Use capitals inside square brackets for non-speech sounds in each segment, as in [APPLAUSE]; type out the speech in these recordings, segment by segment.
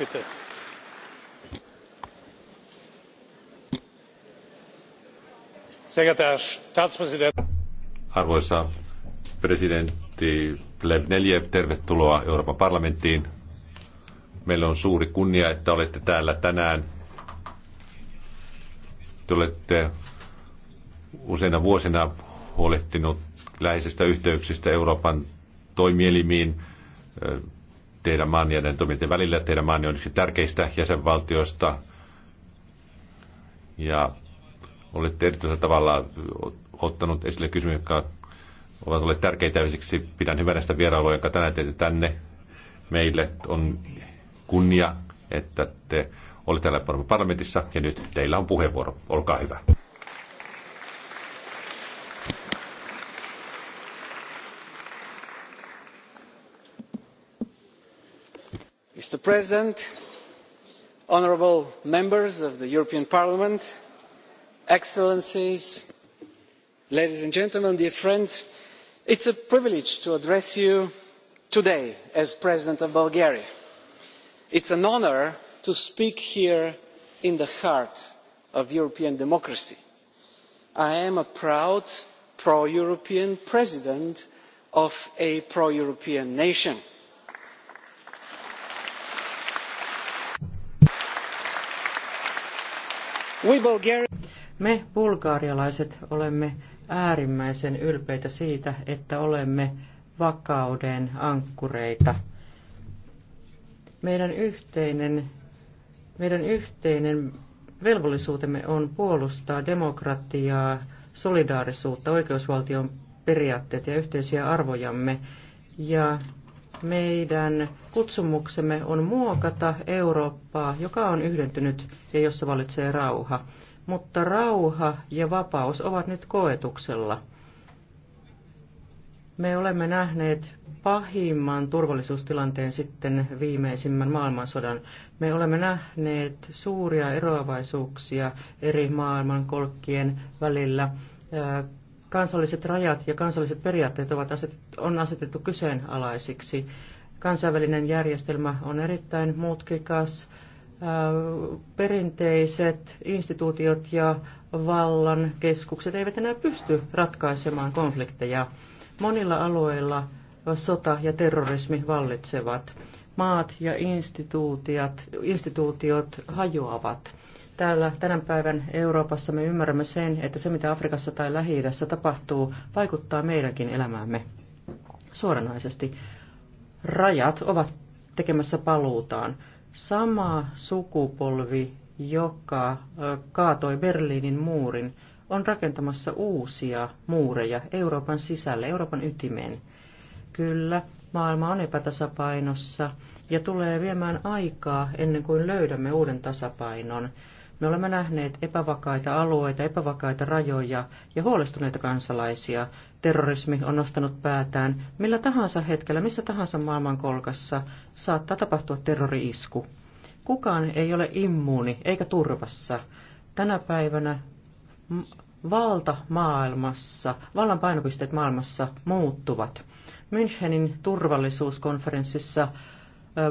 bitte. Arvoisa presidentti Plevneliev, tervetuloa Euroopan parlamenttiin. Meillä on suuri kunnia, että olette täällä tänään. Te olette useina vuosina huolehtinut läheisistä yhteyksistä Euroopan toimielimiin, teidän maan ja toimijoiden välillä. Teidän maan on yksi tärkeistä jäsenvaltioista ja olette erityisellä tavalla ottanut esille kysymyksiä, jotka ovat olleet tärkeitä siksi pidän hyvänä sitä vierailua, jonka tänään teette tänne. Meille on kunnia, että te olette täällä parlamentissa ja nyt teillä on puheenvuoro. Olkaa hyvä. mr president honourable members of the european parliament excellencies ladies and gentlemen dear friends it is a privilege to address you today as president of bulgaria. it is an honour to speak here in the heart of european democracy. i am a proud pro european president of a pro european nation. Me bulgaarialaiset olemme äärimmäisen ylpeitä siitä, että olemme vakauden ankkureita. Meidän yhteinen, meidän yhteinen velvollisuutemme on puolustaa demokratiaa, solidaarisuutta, oikeusvaltion periaatteita ja yhteisiä arvojamme. Ja meidän kutsumuksemme on muokata Eurooppaa, joka on yhdentynyt ja jossa valitsee rauha. Mutta rauha ja vapaus ovat nyt koetuksella. Me olemme nähneet pahimman turvallisuustilanteen sitten viimeisimmän maailmansodan. Me olemme nähneet suuria eroavaisuuksia eri maailmankolkkien välillä äh, kansalliset rajat ja kansalliset periaatteet ovat asetettu, on asetettu kyseenalaisiksi. Kansainvälinen järjestelmä on erittäin mutkikas. Perinteiset instituutiot ja vallan keskukset eivät enää pysty ratkaisemaan konflikteja. Monilla alueilla sota ja terrorismi vallitsevat. Maat ja instituutiot, instituutiot hajoavat. Täällä tänä päivän Euroopassa me ymmärrämme sen, että se mitä Afrikassa tai lähi tapahtuu, vaikuttaa meidänkin elämäämme suoranaisesti. Rajat ovat tekemässä paluutaan. Sama sukupolvi, joka kaatoi Berliinin muurin, on rakentamassa uusia muureja Euroopan sisälle, Euroopan ytimeen. Kyllä, maailma on epätasapainossa ja tulee viemään aikaa ennen kuin löydämme uuden tasapainon. Me olemme nähneet epävakaita alueita, epävakaita rajoja ja huolestuneita kansalaisia. Terrorismi on nostanut päätään. Millä tahansa hetkellä, missä tahansa maailmankolkassa saattaa tapahtua terrori-isku. Kukaan ei ole immuuni eikä turvassa. Tänä päivänä valta maailmassa, vallan painopisteet maailmassa muuttuvat. Münchenin turvallisuuskonferenssissa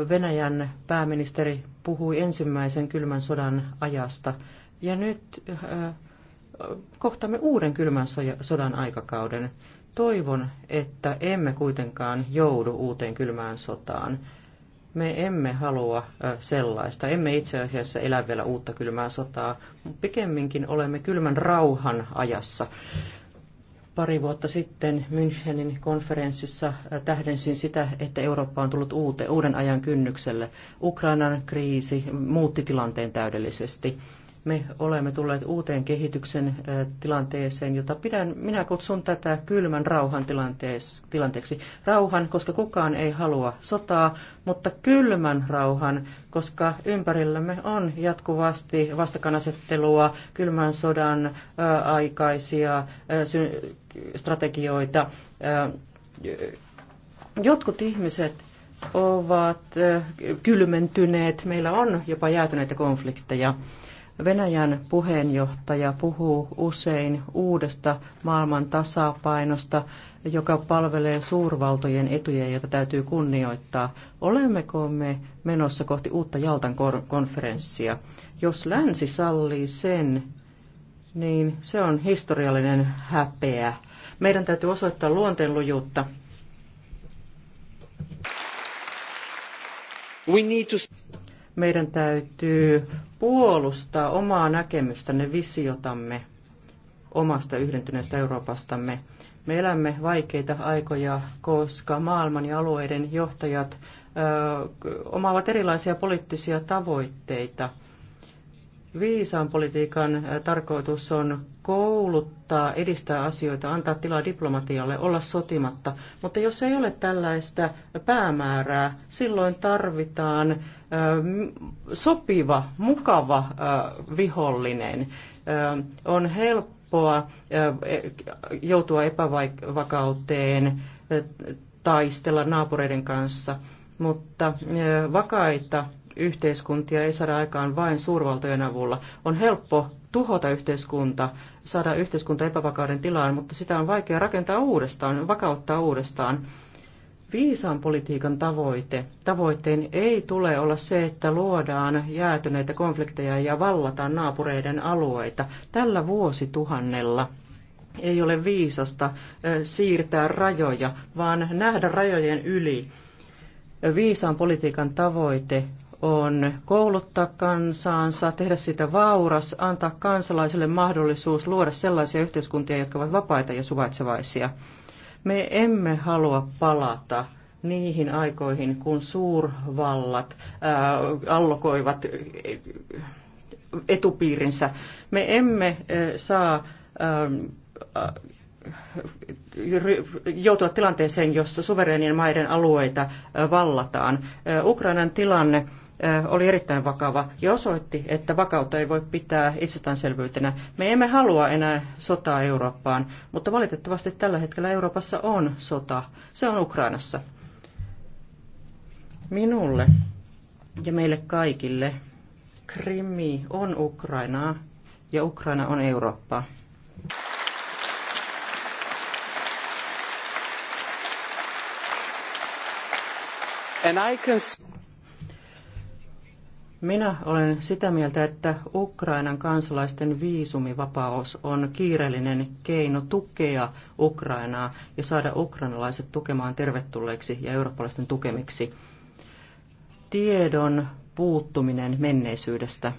Venäjän pääministeri puhui ensimmäisen kylmän sodan ajasta. Ja nyt kohtamme uuden kylmän sodan aikakauden. Toivon, että emme kuitenkaan joudu uuteen kylmään sotaan. Me emme halua sellaista. Emme itse asiassa elä vielä uutta kylmää sotaa. Pikemminkin olemme kylmän rauhan ajassa pari vuotta sitten Münchenin konferenssissa äh, tähdensin sitä, että Eurooppa on tullut uute, uuden ajan kynnykselle. Ukrainan kriisi muutti tilanteen täydellisesti me olemme tulleet uuteen kehityksen tilanteeseen, jota pidän, minä kutsun tätä kylmän rauhan tilanteeksi. Rauhan, koska kukaan ei halua sotaa, mutta kylmän rauhan, koska ympärillämme on jatkuvasti vastakkainasettelua, kylmän sodan aikaisia strategioita. Jotkut ihmiset ovat kylmentyneet, meillä on jopa jäätyneitä konflikteja. Venäjän puheenjohtaja puhuu usein uudesta maailman tasapainosta, joka palvelee suurvaltojen etuja, joita täytyy kunnioittaa. Olemmeko me menossa kohti uutta Jaltan konferenssia? Jos länsi sallii sen, niin se on historiallinen häpeä. Meidän täytyy osoittaa luonteenlujuutta. We need to... Meidän täytyy puolustaa omaa näkemystämme, visiotamme omasta yhdentyneestä Euroopastamme. Me elämme vaikeita aikoja, koska maailman ja alueiden johtajat ö, omaavat erilaisia poliittisia tavoitteita – Viisaan politiikan tarkoitus on kouluttaa, edistää asioita, antaa tilaa diplomatialle, olla sotimatta. Mutta jos ei ole tällaista päämäärää, silloin tarvitaan sopiva, mukava vihollinen. on helppoa e, joutua epävakauteen, taistella naapureiden kanssa, mutta vakaita yhteiskuntia ei saada aikaan vain suurvaltojen avulla. On helppo tuhota yhteiskunta, saada yhteiskunta epävakauden tilaan, mutta sitä on vaikea rakentaa uudestaan, vakauttaa uudestaan. Viisaan politiikan tavoite, tavoitteen ei tule olla se, että luodaan jäätyneitä konflikteja ja vallataan naapureiden alueita. Tällä vuosituhannella ei ole viisasta siirtää rajoja, vaan nähdä rajojen yli. Viisaan politiikan tavoite on kouluttaa kansaansa, tehdä sitä vauras, antaa kansalaisille mahdollisuus luoda sellaisia yhteiskuntia, jotka ovat vapaita ja suvaitsevaisia. Me emme halua palata niihin aikoihin, kun suurvallat ää, äh, allokoivat äh, etupiirinsä. Me emme ää, äh, saa ää, joutua tilanteeseen, jossa suvereenien maiden alueita vallataan. Ukrainan tilanne oli erittäin vakava ja osoitti, että vakautta ei voi pitää itsestäänselvyytenä. Me emme halua enää sotaa Eurooppaan, mutta valitettavasti tällä hetkellä Euroopassa on sota. Se on Ukrainassa. Minulle ja meille kaikille Krimi on Ukrainaa ja Ukraina on Eurooppaa. And I can... Minä olen sitä mieltä, että Ukrainan kansalaisten viisumivapaus on kiireellinen keino tukea Ukrainaa ja saada ukrainalaiset tukemaan tervetulleiksi ja eurooppalaisten tukemiksi. Tiedon puuttuminen menneisyydestä.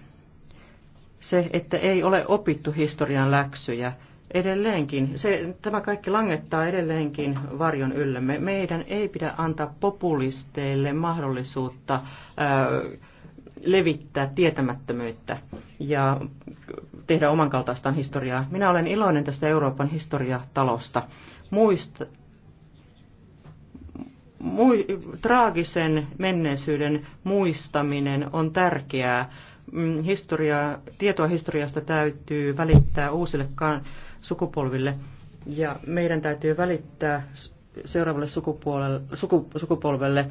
Se, että ei ole opittu historian läksyjä, edelleenkin, se, tämä kaikki langettaa edelleenkin varjon yllemme. Meidän ei pidä antaa populisteille mahdollisuutta ää, levittää tietämättömyyttä ja tehdä oman kaltaistaan historiaa. Minä olen iloinen tästä Euroopan historiatalosta. Muist, mu, traagisen menneisyyden muistaminen on tärkeää. Mm, historia, tietoa historiasta täytyy välittää uusille sukupolville ja meidän täytyy välittää seuraavalle sukupolvelle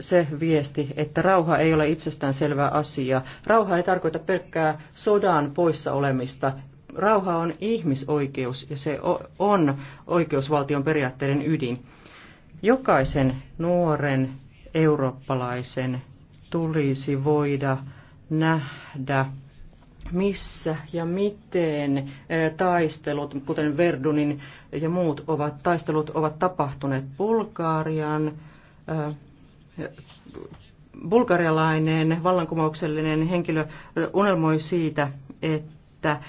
se viesti, että rauha ei ole itsestään selvä asia. Rauha ei tarkoita pelkkää sodan poissa olemista. Rauha on ihmisoikeus ja se on oikeusvaltion periaatteiden ydin. Jokaisen nuoren eurooppalaisen tulisi voida nähdä missä ja miten taistelut, kuten Verdunin ja muut ovat, taistelut ovat tapahtuneet Bulgarian. Bulgarialainen vallankumouksellinen henkilö unelmoi siitä, että että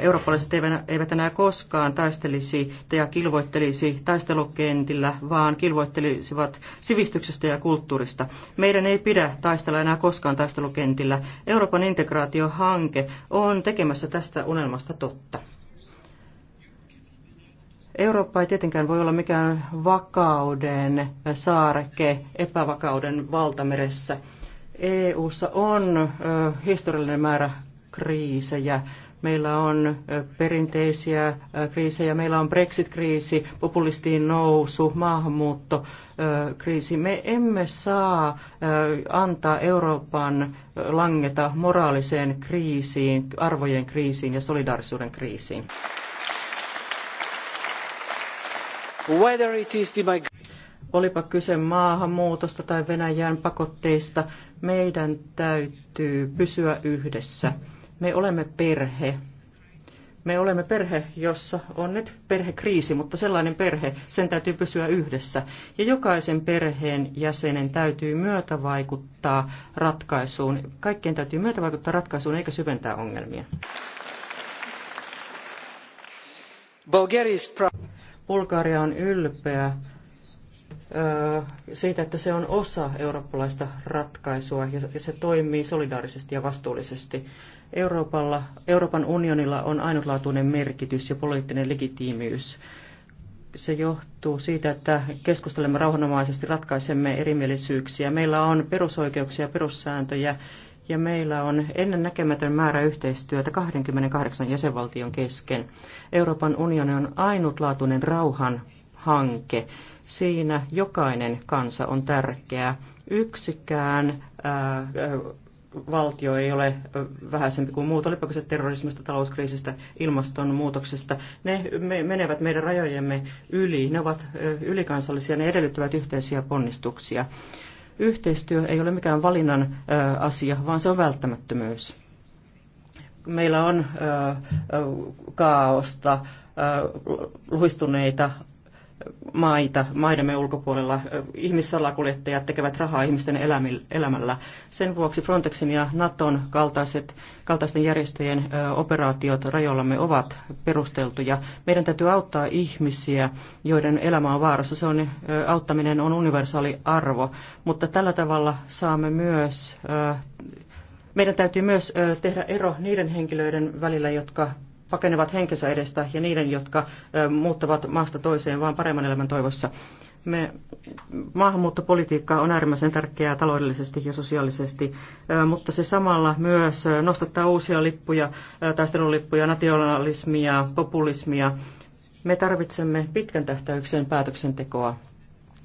eurooppalaiset eivät enää koskaan taistelisi ja kilvoittelisi taistelukentillä, vaan kilvoittelisivat sivistyksestä ja kulttuurista. Meidän ei pidä taistella enää koskaan taistelukentillä. Euroopan integraatiohanke on tekemässä tästä unelmasta totta. Eurooppa ei tietenkään voi olla mikään vakauden saareke epävakauden valtameressä. EU:ssa on historiallinen määrä kriisejä, meillä on perinteisiä kriisejä, meillä on Brexit-kriisi, populistiin nousu, kriisi. Me emme saa antaa Euroopan langeta moraaliseen kriisiin, arvojen kriisiin ja solidaarisuuden kriisiin. Whether it is the Olipa kyse maahanmuutosta tai Venäjän pakotteista, meidän täytyy pysyä yhdessä. Me olemme perhe. Me olemme perhe, jossa on nyt perhekriisi, mutta sellainen perhe, sen täytyy pysyä yhdessä. Ja jokaisen perheen jäsenen täytyy myötävaikuttaa ratkaisuun. Kaikkien täytyy myötävaikuttaa ratkaisuun eikä syventää ongelmia. Bulgaria on ylpeä siitä, että se on osa eurooppalaista ratkaisua ja se toimii solidaarisesti ja vastuullisesti. Euroopalla, Euroopan unionilla on ainutlaatuinen merkitys ja poliittinen legitiimiys. Se johtuu siitä, että keskustelemme rauhanomaisesti, ratkaisemme erimielisyyksiä. Meillä on perusoikeuksia perussääntöjä, ja meillä on ennen näkemätön määrä yhteistyötä 28 jäsenvaltion kesken. Euroopan unioni on ainutlaatuinen rauhan hanke. Siinä jokainen kansa on tärkeä. Yksikään valtio ei ole vähäisempi kuin muut, olipa se terrorismista, talouskriisistä, ilmastonmuutoksesta. Ne menevät meidän rajojemme yli, ne ovat ylikansallisia, ne edellyttävät yhteisiä ponnistuksia. Yhteistyö ei ole mikään valinnan asia, vaan se on välttämättömyys. Meillä on kaaosta, luhistuneita maita maidemme ulkopuolella. Ihmissalakuljettajat tekevät rahaa ihmisten elämällä. Sen vuoksi Frontexin ja Naton kaltaiset, kaltaisten järjestöjen operaatiot rajoillamme ovat perusteltuja. Meidän täytyy auttaa ihmisiä, joiden elämä on vaarassa. Se on, auttaminen on universaali arvo, mutta tällä tavalla saamme myös meidän täytyy myös tehdä ero niiden henkilöiden välillä, jotka pakenevat henkensä edestä ja niiden, jotka muuttavat maasta toiseen vaan paremman elämän toivossa. Me, maahanmuuttopolitiikka on äärimmäisen tärkeää taloudellisesti ja sosiaalisesti, mutta se samalla myös nostattaa uusia lippuja, taistelulippuja, nationalismia, populismia. Me tarvitsemme pitkän tähtäyksen päätöksentekoa.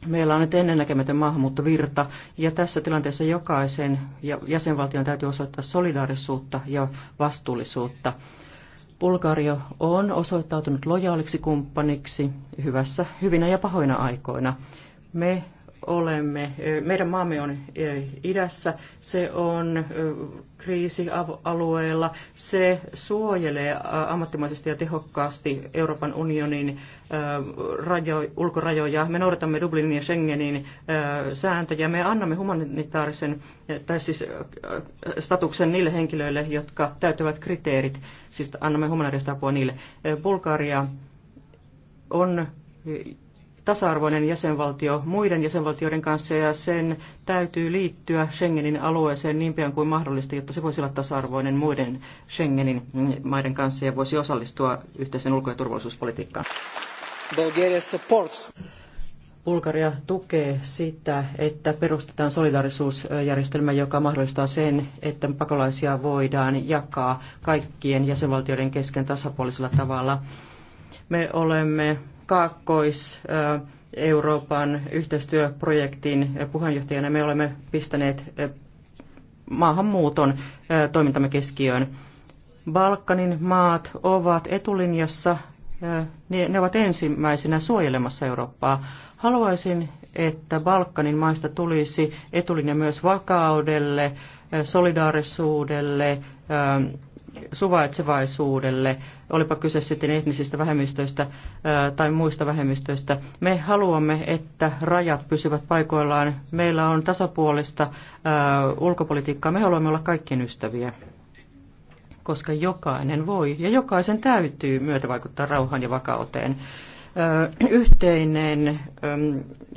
Meillä on nyt ennennäkemätön maahanmuuttovirta, ja tässä tilanteessa jokaisen jäsenvaltion täytyy osoittaa solidaarisuutta ja vastuullisuutta. Bulgaria on osoittautunut lojaaliksi kumppaniksi hyvässä, hyvinä ja pahoina aikoina. Me olemme, meidän maamme on idässä, se on kriisialueella, se suojelee ammattimaisesti ja tehokkaasti Euroopan unionin rajo, ulkorajoja. Me noudatamme Dublinin ja Schengenin sääntöjä. Me annamme humanitaarisen tai siis statuksen niille henkilöille, jotka täyttävät kriteerit. Siis annamme humanitaarista apua niille. Bulgaria on tasa-arvoinen jäsenvaltio muiden jäsenvaltioiden kanssa ja sen täytyy liittyä Schengenin alueeseen niin pian kuin mahdollista, jotta se voisi olla tasa-arvoinen muiden Schengenin maiden kanssa ja voisi osallistua yhteisen ulko- ja turvallisuuspolitiikkaan. Bulgaria supports. Bulgaria tukee sitä, että perustetaan solidaarisuusjärjestelmä, joka mahdollistaa sen, että pakolaisia voidaan jakaa kaikkien jäsenvaltioiden kesken tasapuolisella tavalla. Me olemme Kaakkois-Euroopan yhteistyöprojektin puheenjohtajana me olemme pistäneet eh, maahanmuuton eh, toimintamme keskiöön. Balkanin maat ovat etulinjassa, eh, ne ovat ensimmäisenä suojelemassa Eurooppaa. Haluaisin, että Balkanin maista tulisi etulinja myös vakaudelle, solidaarisuudelle, suvaitsevaisuudelle, olipa kyse sitten etnisistä vähemmistöistä tai muista vähemmistöistä. Me haluamme, että rajat pysyvät paikoillaan. Meillä on tasapuolista ulkopolitiikkaa. Me haluamme olla kaikkien ystäviä, koska jokainen voi ja jokaisen täytyy myötävaikuttaa rauhaan ja vakauteen yhteinen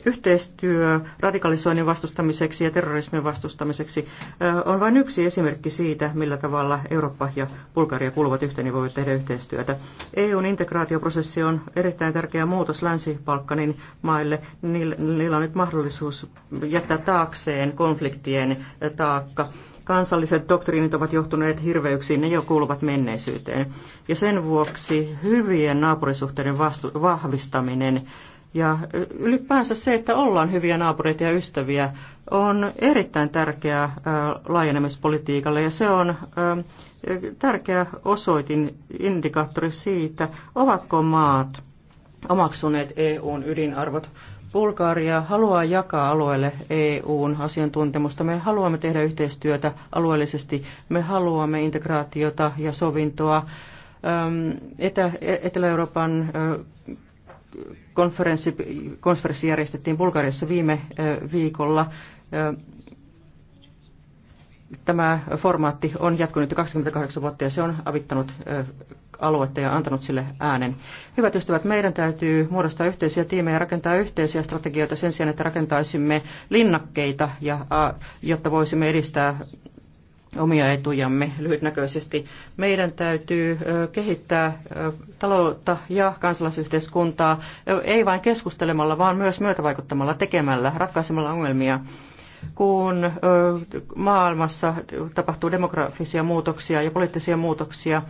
yhteistyö radikalisoinnin vastustamiseksi ja terrorismin vastustamiseksi on vain yksi esimerkki siitä, millä tavalla Eurooppa ja Bulgaria kuuluvat yhteen ja niin voivat tehdä yhteistyötä. EUn integraatioprosessi on erittäin tärkeä muutos Länsi-Balkanin maille. Niillä on nyt mahdollisuus jättää taakseen konfliktien taakka kansalliset doktriinit ovat johtuneet hirveyksiin, ne jo kuuluvat menneisyyteen. Ja sen vuoksi hyvien naapurisuhteiden vahvistaminen ja ylipäänsä se, että ollaan hyviä naapureita ja ystäviä, on erittäin tärkeää laajenemispolitiikalle ja se on tärkeä osoitin indikaattori siitä, ovatko maat omaksuneet EUn ydinarvot Bulgaria haluaa jakaa alueelle EUn asiantuntemusta. Me haluamme tehdä yhteistyötä alueellisesti. Me haluamme integraatiota ja sovintoa. Etä, Etelä-Euroopan konferenssi, konferenssi järjestettiin Bulgariassa viime viikolla tämä formaatti on jatkunut jo 28 vuotta ja se on avittanut aluetta ja antanut sille äänen. Hyvät ystävät, meidän täytyy muodostaa yhteisiä tiimejä ja rakentaa yhteisiä strategioita sen sijaan, että rakentaisimme linnakkeita, ja, jotta voisimme edistää omia etujamme lyhytnäköisesti. Meidän täytyy kehittää taloutta ja kansalaisyhteiskuntaa ei vain keskustelemalla, vaan myös myötävaikuttamalla, tekemällä, ratkaisemalla ongelmia kun maailmassa tapahtuu demografisia muutoksia ja poliittisia muutoksia,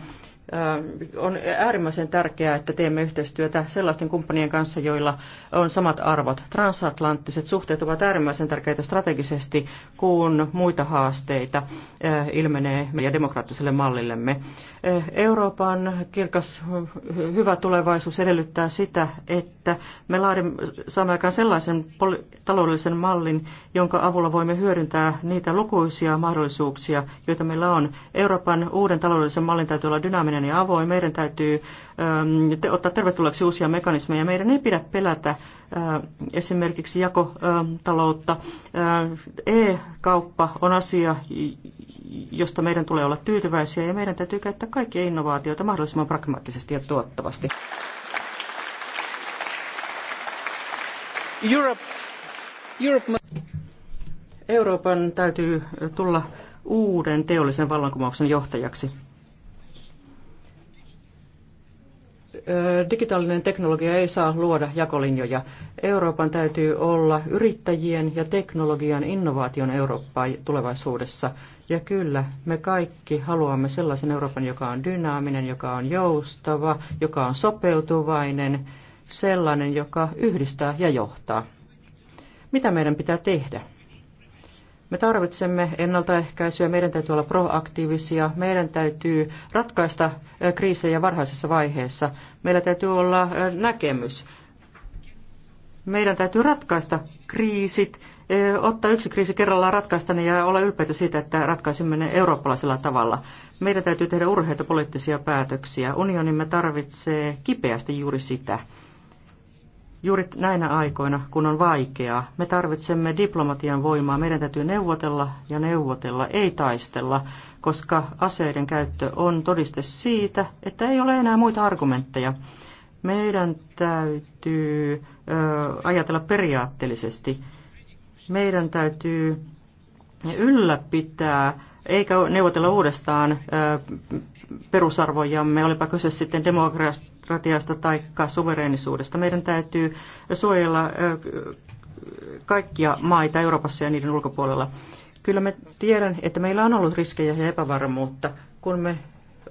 on äärimmäisen tärkeää, että teemme yhteistyötä sellaisten kumppanien kanssa, joilla on samat arvot. Transatlanttiset suhteet ovat äärimmäisen tärkeitä strategisesti, kun muita haasteita ilmenee meidän demokraattiselle mallillemme. Euroopan kirkas hyvä tulevaisuus edellyttää sitä, että me laadimme, saamme aikaan sellaisen taloudellisen mallin, jonka avulla voimme hyödyntää niitä lukuisia mahdollisuuksia, joita meillä on. Euroopan uuden taloudellisen mallin täytyy olla dynaaminen dynaaminen niin ja avoin. Meidän täytyy ähm, te, ottaa tervetulleeksi uusia mekanismeja. Meidän ei pidä pelätä äh, esimerkiksi jakotaloutta. Äh, e-kauppa on asia, josta meidän tulee olla tyytyväisiä ja meidän täytyy käyttää kaikkia innovaatioita mahdollisimman pragmaattisesti ja tuottavasti. Europe. Europe. Euroopan täytyy tulla uuden teollisen vallankumouksen johtajaksi. digitaalinen teknologia ei saa luoda jakolinjoja. Euroopan täytyy olla yrittäjien ja teknologian innovaation Eurooppaa tulevaisuudessa. Ja kyllä, me kaikki haluamme sellaisen Euroopan, joka on dynaaminen, joka on joustava, joka on sopeutuvainen, sellainen, joka yhdistää ja johtaa. Mitä meidän pitää tehdä? Me tarvitsemme ennaltaehkäisyä, meidän täytyy olla proaktiivisia, meidän täytyy ratkaista kriisejä varhaisessa vaiheessa, meillä täytyy olla näkemys. Meidän täytyy ratkaista kriisit, ottaa yksi kriisi kerrallaan ratkaista ne ja olla ylpeitä siitä, että ratkaisimme ne eurooppalaisella tavalla. Meidän täytyy tehdä urheita poliittisia päätöksiä. Unionimme tarvitsee kipeästi juuri sitä. Juuri näinä aikoina, kun on vaikeaa, me tarvitsemme diplomatian voimaa. Meidän täytyy neuvotella ja neuvotella, ei taistella, koska aseiden käyttö on todiste siitä, että ei ole enää muita argumentteja. Meidän täytyy ö, ajatella periaatteellisesti. Meidän täytyy ylläpitää, eikä neuvotella uudestaan ö, perusarvojamme, olipa kyse sitten demokratiasta demokratiasta tai suvereenisuudesta. Meidän täytyy suojella kaikkia maita Euroopassa ja niiden ulkopuolella. Kyllä me tiedän, että meillä on ollut riskejä ja epävarmuutta, kun me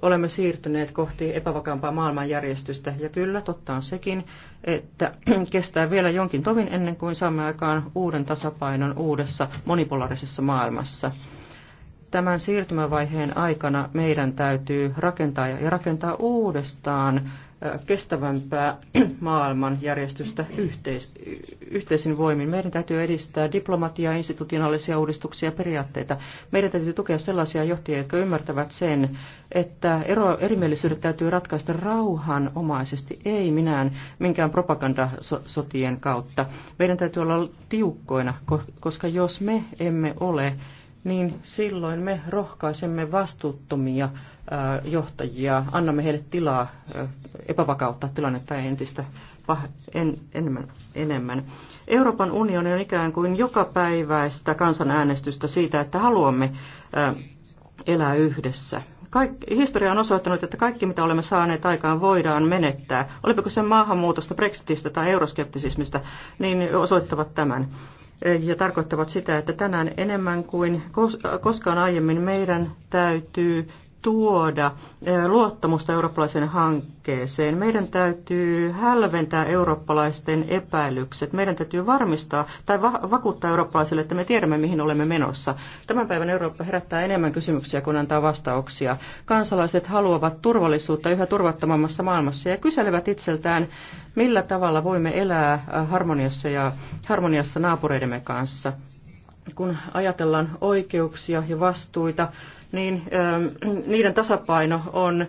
olemme siirtyneet kohti epävakaampaa maailmanjärjestystä. Ja kyllä, totta on sekin, että [CLEARS THROAT] kestää vielä jonkin tovin ennen kuin saamme aikaan uuden tasapainon uudessa monipolarisessa maailmassa tämän siirtymävaiheen aikana meidän täytyy rakentaa ja rakentaa uudestaan kestävämpää [CLEARS THROAT] maailmanjärjestystä yhteis- yhteisin voimin. Meidän täytyy edistää diplomatiaa, institutionaalisia uudistuksia ja periaatteita. Meidän täytyy tukea sellaisia johtajia, jotka ymmärtävät sen, että ero, erimielisyydet täytyy ratkaista rauhanomaisesti, ei minään minkään propagandasotien kautta. Meidän täytyy olla tiukkoina, koska jos me emme ole niin silloin me rohkaisemme vastuuttomia johtajia, annamme heille tilaa epävakauttaa tilannetta entistä en, enemmän, enemmän. Euroopan unioni on ikään kuin joka päiväistä kansanäänestystä siitä, että haluamme elää yhdessä. Kaik, historia on osoittanut, että kaikki mitä olemme saaneet aikaan voidaan menettää. Olipiko se maahanmuutosta, Brexitistä tai euroskeptisismistä, niin osoittavat tämän ja tarkoittavat sitä, että tänään enemmän kuin koskaan aiemmin meidän täytyy tuoda eh, luottamusta eurooppalaiseen hankkeeseen. Meidän täytyy hälventää eurooppalaisten epäilykset. Meidän täytyy varmistaa tai va- vakuuttaa eurooppalaisille, että me tiedämme, mihin olemme menossa. Tämän päivän Eurooppa herättää enemmän kysymyksiä kuin antaa vastauksia. Kansalaiset haluavat turvallisuutta yhä turvattomammassa maailmassa ja kyselevät itseltään, millä tavalla voimme elää eh, harmoniassa ja harmoniassa naapureidemme kanssa. Kun ajatellaan oikeuksia ja vastuita, niin ähm, niiden tasapaino on äh,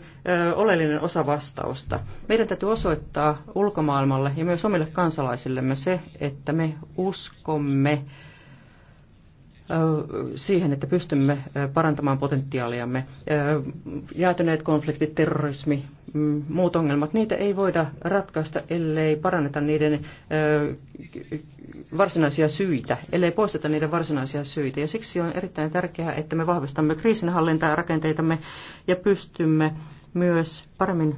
oleellinen osa vastausta. Meidän täytyy osoittaa ulkomaailmalle ja myös omille kansalaisillemme se, että me uskomme siihen, että pystymme parantamaan potentiaaliamme. Jäätyneet konfliktit, terrorismi, mm, muut ongelmat, niitä ei voida ratkaista, ellei paranneta niiden varsinaisia syitä, ellei poisteta niiden varsinaisia syitä. Ja siksi on erittäin tärkeää, että me vahvistamme kriisinhallintaa rakenteitamme ja pystymme myös paremmin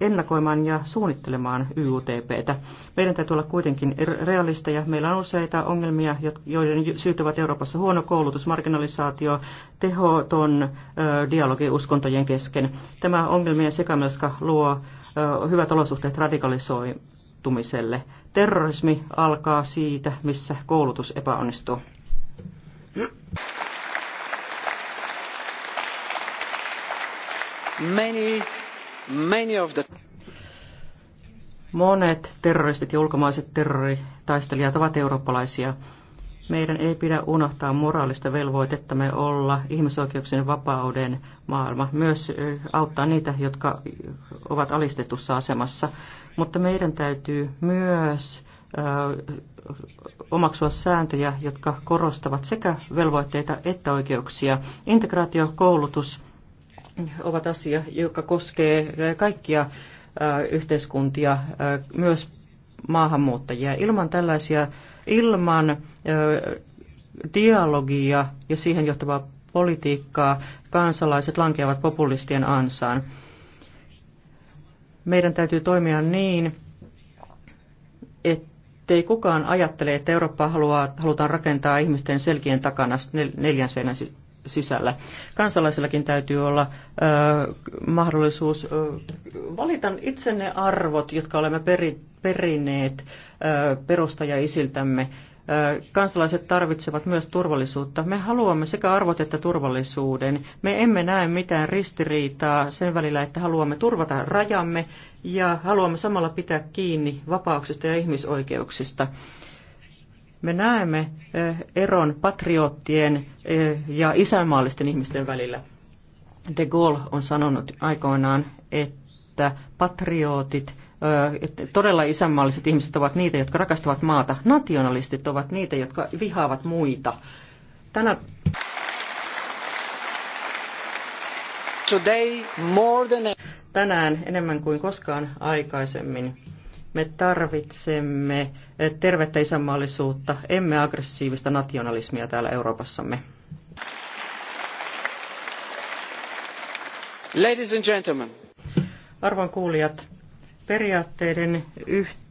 ennakoimaan ja suunnittelemaan YUTPtä. Meidän täytyy olla kuitenkin realisteja. Meillä on useita ongelmia, joiden syyt ovat Euroopassa huono koulutus, marginalisaatio, tehoton dialogi uskontojen kesken. Tämä ongelmien sekamelska luo hyvät olosuhteet radikalisoitumiselle. Terrorismi alkaa siitä, missä koulutus epäonnistuu. Many Monet terroristit ja ulkomaiset terroritaistelijat ovat eurooppalaisia. Meidän ei pidä unohtaa moraalista velvoitettamme olla ihmisoikeuksien vapauden maailma, myös auttaa niitä, jotka ovat alistetussa asemassa. Mutta meidän täytyy myös omaksua sääntöjä, jotka korostavat sekä velvoitteita että oikeuksia. Integraatio, koulutus, ovat asia, joka koskee äh, kaikkia äh, yhteiskuntia, äh, myös maahanmuuttajia. Ilman tällaisia, ilman dialogia ja siihen johtavaa politiikkaa kansalaiset lankeavat populistien ansaan. Meidän täytyy toimia niin, ettei kukaan ajattele, että Eurooppaa haluaa, halutaan rakentaa ihmisten selkien takana neljän seinän sisällä. Kansalaisillakin täytyy olla ö, mahdollisuus ö, valita itse ne arvot, jotka olemme peri, perineet ö, perustajaisiltämme. Ö, kansalaiset tarvitsevat myös turvallisuutta. Me haluamme sekä arvot että turvallisuuden. Me emme näe mitään ristiriitaa sen välillä, että haluamme turvata rajamme ja haluamme samalla pitää kiinni vapauksista ja ihmisoikeuksista. Me näemme eron patriottien ja isänmaallisten ihmisten välillä. De Gaulle on sanonut aikoinaan, että patriootit, todella isänmaalliset ihmiset ovat niitä, jotka rakastavat maata. Nationalistit ovat niitä, jotka vihaavat muita. Tänä... Today, more than... Tänään enemmän kuin koskaan aikaisemmin me tarvitsemme eh, tervettä isänmaallisuutta, emme aggressiivista nationalismia täällä Euroopassamme. Ladies and gentlemen. Arvon kuulijat, periaatteiden yhteydessä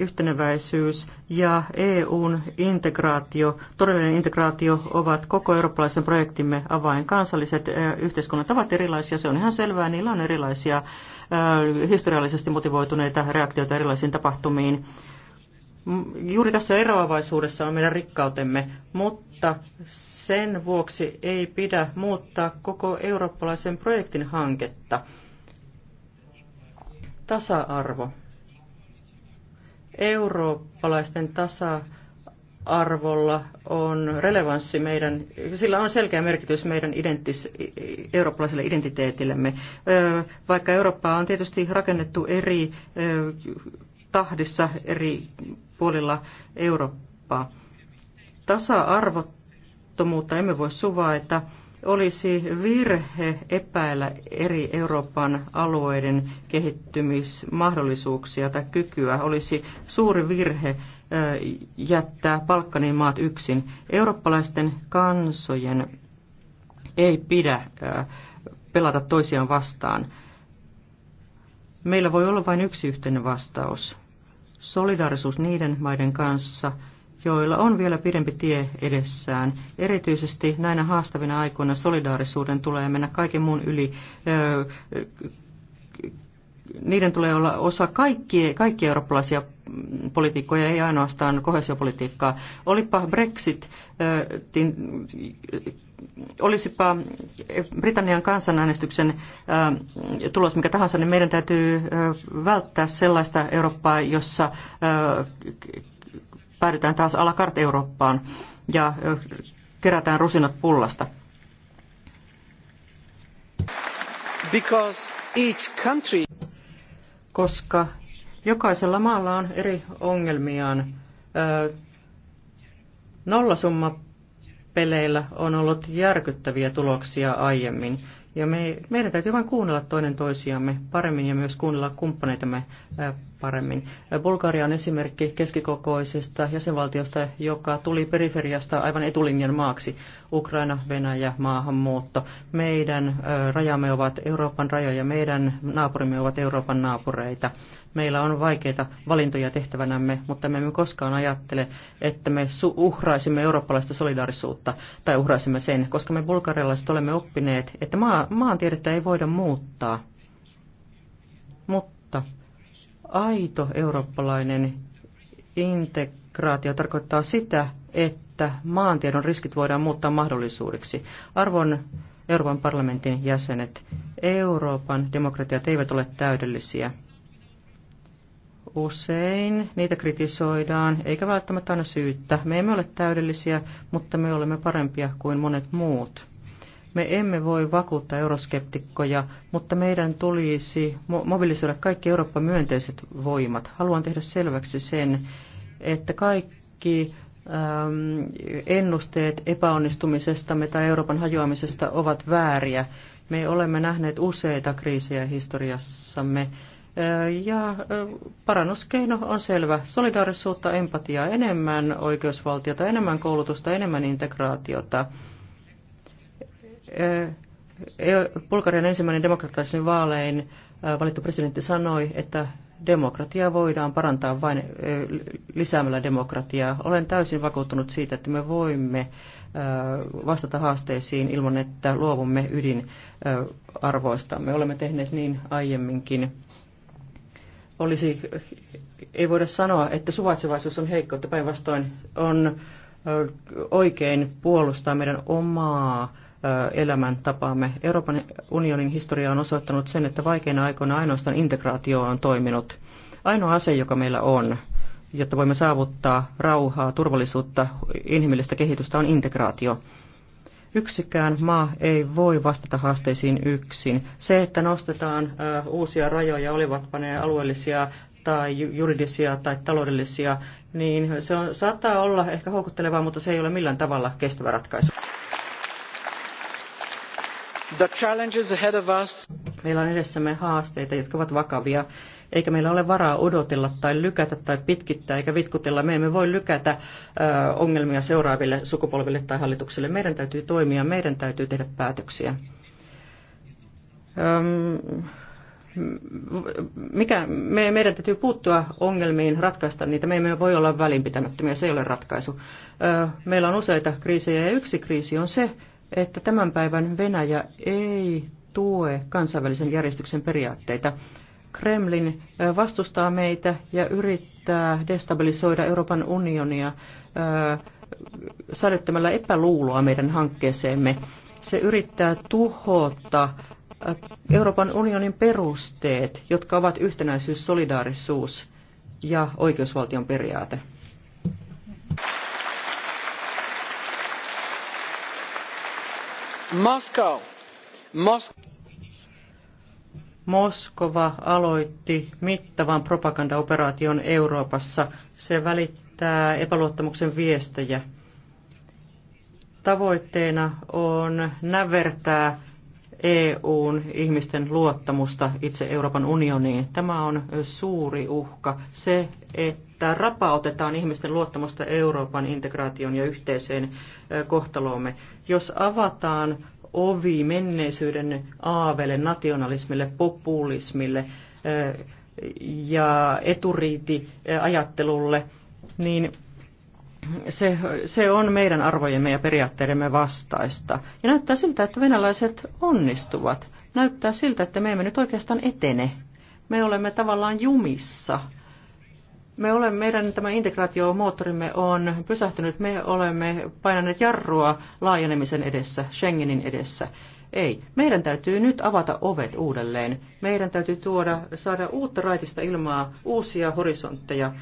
yhteneväisyys ja EUn integraatio, todellinen integraatio ovat koko eurooppalaisen projektimme avain. Kansalliset yhteiskunnat ovat erilaisia, se on ihan selvää, niillä on erilaisia historiallisesti motivoituneita reaktioita erilaisiin tapahtumiin. Juuri tässä eroavaisuudessa on meidän rikkautemme, mutta sen vuoksi ei pidä muuttaa koko eurooppalaisen projektin hanketta. Tasa-arvo eurooppalaisten tasa arvolla on relevanssi meidän, sillä on selkeä merkitys meidän identis, eurooppalaiselle identiteetillemme. Vaikka Eurooppaa on tietysti rakennettu eri tahdissa eri puolilla Eurooppaa. Tasa-arvottomuutta emme voi suvaita. Olisi virhe epäillä eri Euroopan alueiden kehittymismahdollisuuksia tai kykyä. Olisi suuri virhe jättää Balkanin maat yksin. Eurooppalaisten kansojen ei pidä pelata toisiaan vastaan. Meillä voi olla vain yksi yhteinen vastaus. Solidaarisuus niiden maiden kanssa – joilla on vielä pidempi tie edessään. Erityisesti näinä haastavina aikoina solidaarisuuden tulee mennä kaiken muun yli. Niiden tulee olla osa kaikkia, kaikki eurooppalaisia politiikkoja, ei ainoastaan kohesiopolitiikkaa. Olipa Brexit, olisipa Britannian kansanäänestyksen tulos mikä tahansa, niin meidän täytyy välttää sellaista Eurooppaa, jossa päädytään taas alakart Eurooppaan ja kerätään rusinat pullasta. each country... Koska jokaisella maalla on eri ongelmiaan. Nollasumma peleillä on ollut järkyttäviä tuloksia aiemmin. Ja me, meidän täytyy vain kuunnella toinen toisiamme paremmin ja myös kuunnella kumppaneitamme äh, paremmin. Äh, Bulgaria on esimerkki keskikokoisesta jäsenvaltiosta, joka tuli periferiasta aivan etulinjan maaksi. Ukraina, Venäjä, maahanmuutto. Meidän äh, rajamme ovat Euroopan rajoja, meidän naapurimme ovat Euroopan naapureita. Meillä on vaikeita valintoja tehtävänämme, mutta me emme koskaan ajattele, että me uhraisimme eurooppalaista solidaarisuutta tai uhraisimme sen, koska me bulgarialaiset olemme oppineet, että maa- maantiedettä ei voida muuttaa. Mutta aito eurooppalainen integraatio tarkoittaa sitä, että maantiedon riskit voidaan muuttaa mahdollisuudeksi. Arvon Euroopan parlamentin jäsenet, Euroopan demokratiat eivät ole täydellisiä usein niitä kritisoidaan, eikä välttämättä aina syyttä. Me emme ole täydellisiä, mutta me olemme parempia kuin monet muut. Me emme voi vakuuttaa euroskeptikkoja, mutta meidän tulisi mobilisoida kaikki Eurooppa-myönteiset voimat. Haluan tehdä selväksi sen, että kaikki ennusteet epäonnistumisestamme tai Euroopan hajoamisesta ovat vääriä. Me olemme nähneet useita kriisejä historiassamme ja parannuskeino on selvä. Solidaarisuutta, empatiaa enemmän, oikeusvaltiota enemmän, koulutusta enemmän, integraatiota. E, Bulgarian ensimmäinen demokraattisen vaalein valittu presidentti sanoi, että demokratiaa voidaan parantaa vain lisäämällä demokratiaa. Olen täysin vakuuttunut siitä, että me voimme vastata haasteisiin ilman, että luovumme ydinarvoista. Me Olemme tehneet niin aiemminkin olisi, ei voida sanoa, että suvaitsevaisuus on heikko, että Päinvastoin on oikein puolustaa meidän omaa elämäntapaamme. Euroopan unionin historia on osoittanut sen, että vaikeina aikoina ainoastaan integraatio on toiminut. Ainoa ase, joka meillä on, jotta voimme saavuttaa rauhaa, turvallisuutta, inhimillistä kehitystä, on integraatio. Yksikään maa ei voi vastata haasteisiin yksin. Se, että nostetaan uusia rajoja, olivatpa ne alueellisia tai juridisia tai taloudellisia, niin se on, saattaa olla ehkä houkuttelevaa, mutta se ei ole millään tavalla kestävä ratkaisu. The challenges ahead of us. Meillä on edessämme haasteita, jotka ovat vakavia eikä meillä ole varaa odotella tai lykätä tai pitkittää eikä vitkutella. Me emme voi lykätä ongelmia seuraaville sukupolville tai hallituksille. Meidän täytyy toimia, meidän täytyy tehdä päätöksiä. Mikä, me, meidän täytyy puuttua ongelmiin, ratkaista niitä. Me emme voi olla välinpitämättömiä, se ei ole ratkaisu. Meillä on useita kriisejä ja yksi kriisi on se, että tämän päivän Venäjä ei tue kansainvälisen järjestyksen periaatteita. Kremlin vastustaa meitä ja yrittää destabilisoida Euroopan unionia säilyttämällä epäluuloa meidän hankkeeseemme. Se yrittää tuhota Euroopan unionin perusteet, jotka ovat yhtenäisyys, solidaarisuus ja oikeusvaltion periaate. Moscow. Mos- Moskova aloitti mittavan propagandaoperaation Euroopassa. Se välittää epäluottamuksen viestejä. Tavoitteena on nävertää EUn ihmisten luottamusta itse Euroopan unioniin. Tämä on suuri uhka. Se, että rapautetaan ihmisten luottamusta Euroopan integraation ja yhteiseen kohtaloomme. Jos avataan ovi menneisyyden aavelle, nationalismille, populismille ja eturiitiajattelulle, niin se, se on meidän arvojemme ja periaatteidemme vastaista. Ja näyttää siltä, että venäläiset onnistuvat. Näyttää siltä, että me emme nyt oikeastaan etene. Me olemme tavallaan jumissa me olemme, meidän tämä integraatiomoottorimme on pysähtynyt, me olemme painaneet jarrua laajenemisen edessä, Schengenin edessä. Ei, meidän täytyy nyt avata ovet uudelleen. Meidän täytyy tuoda, saada uutta raitista ilmaa, uusia horisontteja.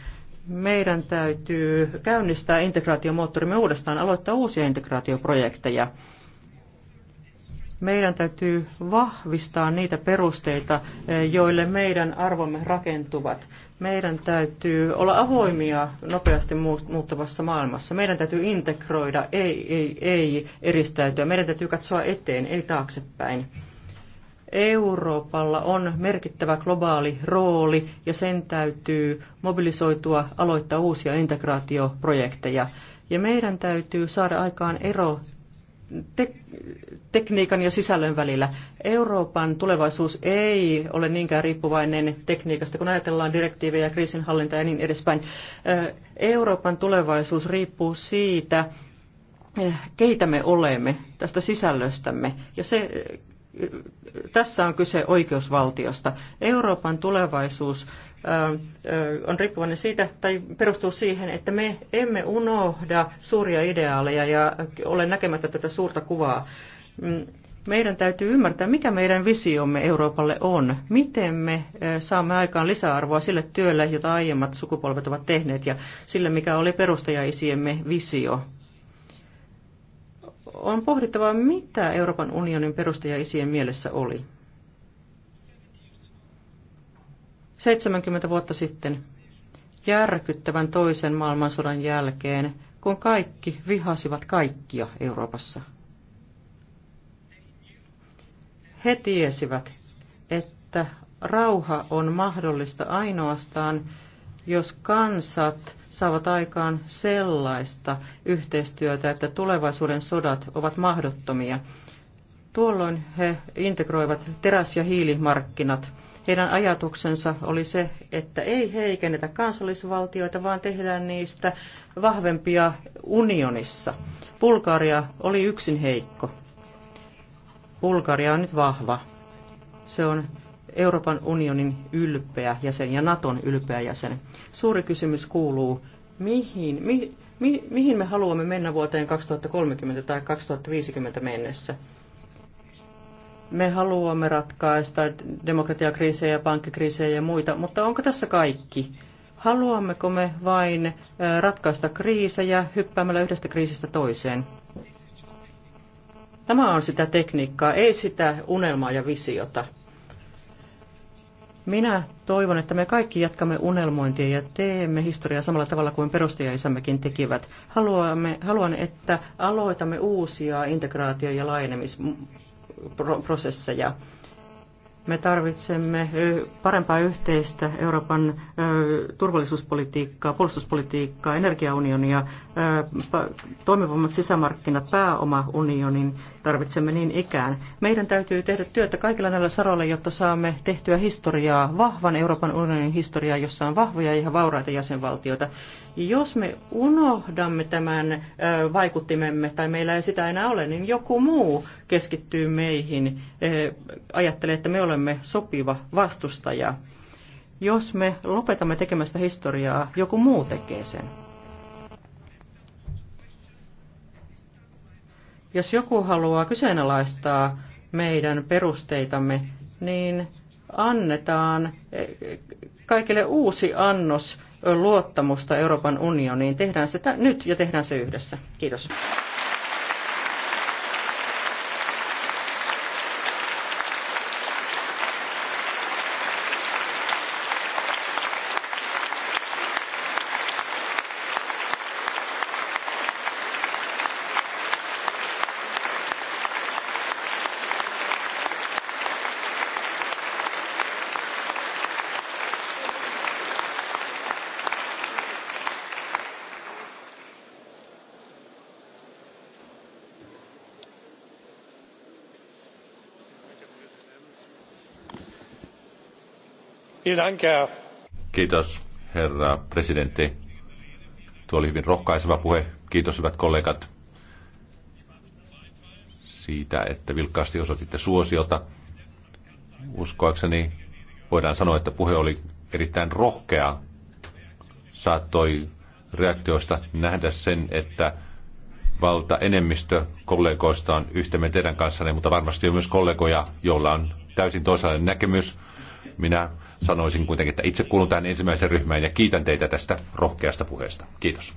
Meidän täytyy käynnistää integraatiomoottorimme uudestaan, aloittaa uusia integraatioprojekteja. Meidän täytyy vahvistaa niitä perusteita, eh, joille meidän arvomme rakentuvat. Meidän täytyy olla avoimia nopeasti muuttuvassa maailmassa. Meidän täytyy integroida, ei, ei, ei eristäytyä. Meidän täytyy katsoa eteen, ei taaksepäin. Euroopalla on merkittävä globaali rooli ja sen täytyy mobilisoitua aloittaa uusia integraatioprojekteja. Ja meidän täytyy saada aikaan ero te- tekniikan ja sisällön välillä. Euroopan tulevaisuus ei ole niinkään riippuvainen tekniikasta, kun ajatellaan direktiivejä, kriisinhallinta ja niin edespäin. Euroopan tulevaisuus riippuu siitä, eh, keitä me olemme, tästä sisällöstämme. Ja se tässä on kyse oikeusvaltiosta. Euroopan tulevaisuus on riippuvainen siitä tai perustuu siihen, että me emme unohda suuria ideaaleja ja ole näkemättä tätä suurta kuvaa. Mm, meidän täytyy ymmärtää, mikä meidän visiomme Euroopalle on, miten me saamme aikaan lisäarvoa sille työlle, jota aiemmat sukupolvet ovat tehneet, ja sille, mikä oli perustajaisiemme visio on pohdittava, mitä Euroopan unionin perustajaisien mielessä oli. 70 vuotta sitten, järkyttävän toisen maailmansodan jälkeen, kun kaikki vihasivat kaikkia Euroopassa. He tiesivät, että rauha on mahdollista ainoastaan jos kansat saavat aikaan sellaista yhteistyötä, että tulevaisuuden sodat ovat mahdottomia. Tuolloin he integroivat teräs- ja hiilimarkkinat. Heidän ajatuksensa oli se, että ei heikennetä kansallisvaltioita, vaan tehdään niistä vahvempia unionissa. Bulgaria oli yksin heikko. Bulgaria on nyt vahva. Se on Euroopan unionin ylpeä jäsen ja Naton ylpeä jäsen. Suuri kysymys kuuluu, mihin, mi, mi, mihin me haluamme mennä vuoteen 2030 tai 2050 mennessä. Me haluamme ratkaista demokratiakriisejä, pankkikriisejä ja muita, mutta onko tässä kaikki? Haluammeko me vain ratkaista kriisejä hyppäämällä yhdestä kriisistä toiseen? Tämä on sitä tekniikkaa, ei sitä unelmaa ja visiota. Minä toivon, että me kaikki jatkamme unelmointia ja teemme historiaa samalla tavalla kuin perustajaisämmekin tekivät. Haluamme, haluan, että aloitamme uusia integraatio- ja laajenemisprosesseja. Me tarvitsemme parempaa yhteistä Euroopan turvallisuuspolitiikkaa, puolustuspolitiikkaa, energiaunionia, toimivammat sisämarkkinat, pääomaunionin tarvitsemme niin ikään. Meidän täytyy tehdä työtä kaikilla näillä saroilla, jotta saamme tehtyä historiaa, vahvan Euroopan unionin historiaa, jossa on vahvoja ja vauraita jäsenvaltioita. Jos me unohdamme tämän vaikuttimemme tai meillä ei sitä enää ole, niin joku muu keskittyy meihin, ajattelee, että me olemme olemme sopiva vastustaja. Jos me lopetamme tekemästä historiaa, joku muu tekee sen. Jos joku haluaa kyseenalaistaa meidän perusteitamme, niin annetaan e, kaikille uusi annos luottamusta Euroopan unioniin. Tehdään se nyt ja tehdään se yhdessä. Kiitos. Kiitos, herra presidentti. Tuo oli hyvin rohkaiseva puhe. Kiitos, hyvät kollegat, siitä, että vilkkaasti osoititte suosiota. Uskoakseni voidaan sanoa, että puhe oli erittäin rohkea. Saattoi reaktioista nähdä sen, että valta enemmistö kollegoista on yhtä teidän kanssanne, mutta varmasti on myös kollegoja, joilla on täysin toisenlainen näkemys minä sanoisin kuitenkin, että itse kuulun tähän ensimmäiseen ryhmään ja kiitän teitä tästä rohkeasta puheesta. Kiitos.